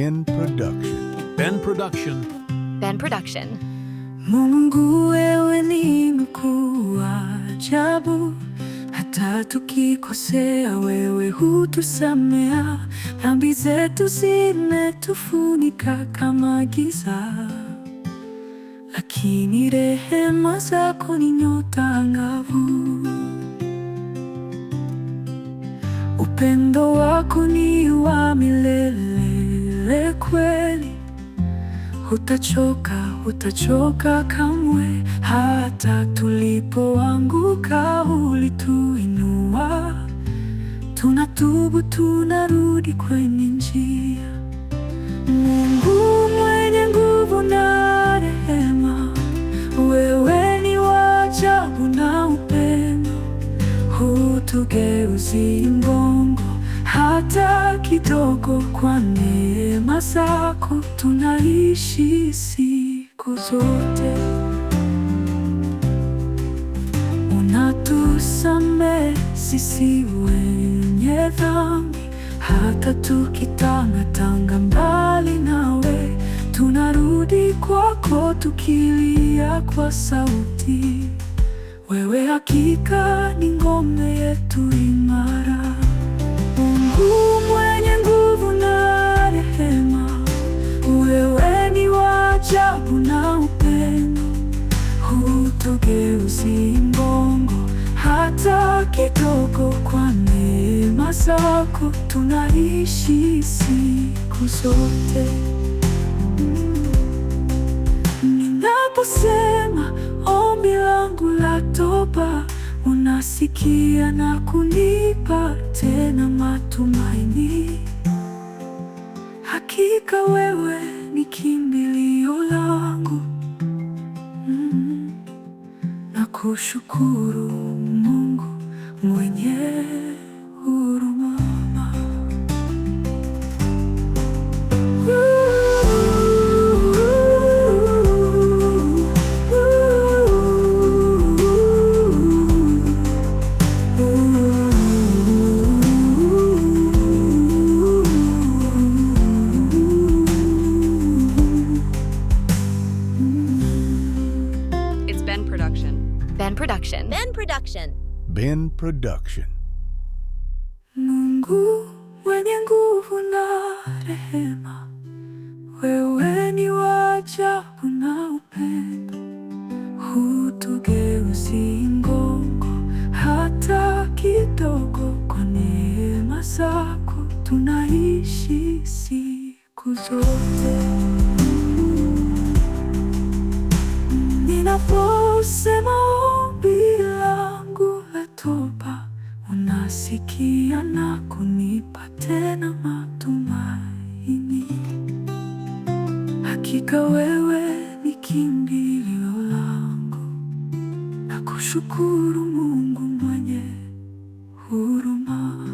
Ben Production. Ben Production. Ben Production. Mungu wewe ni mkuu wa ajabu, hata tukikosea wewe hutusamea. Dhambi zetu zimetufunika kama giza, lakini rehema zako ni nyota angavu. Upendo wako ni wa milele ile kweli, hutachoka, hutachoka kamwe. Hata tulipoanguka ulituinua. Tunatubu, tunarudi kwenye njia. Mungu mwenye nguvu na rehema, wewe ni wa ajabu na upendo, hutugeuzi mgongo hata kidogo. Kwa neema zako tunaishi siku zote, unatusamehe sisi wenye dhambi, hata tukitangatanga mbali nawe, tunarudi kwako tukilia kwa sauti, wewe hakika ni ngome yetu. hatugeuzi mbongo hata kidogo. Kwa neema zako tunaishi siku zote. Ninaposema ombi langu la toba, unasikia na kunipa tena matumaini. Hakika wewe ni kimbilio langu kushukuru Mungu mwenye Ben Production. Ben Production. Ben Production. Mungu mwenye nguvu na rehema, wewe ni wa ajabu na upendo, hutugeuzi mgongo hata kidogo. Kwa neema zako tunaishi siku zote. nikasikia na kunipa tena matumaini. Hakika wewe ni kimbilio langu, na kushukuru Mungu mwenye huruma.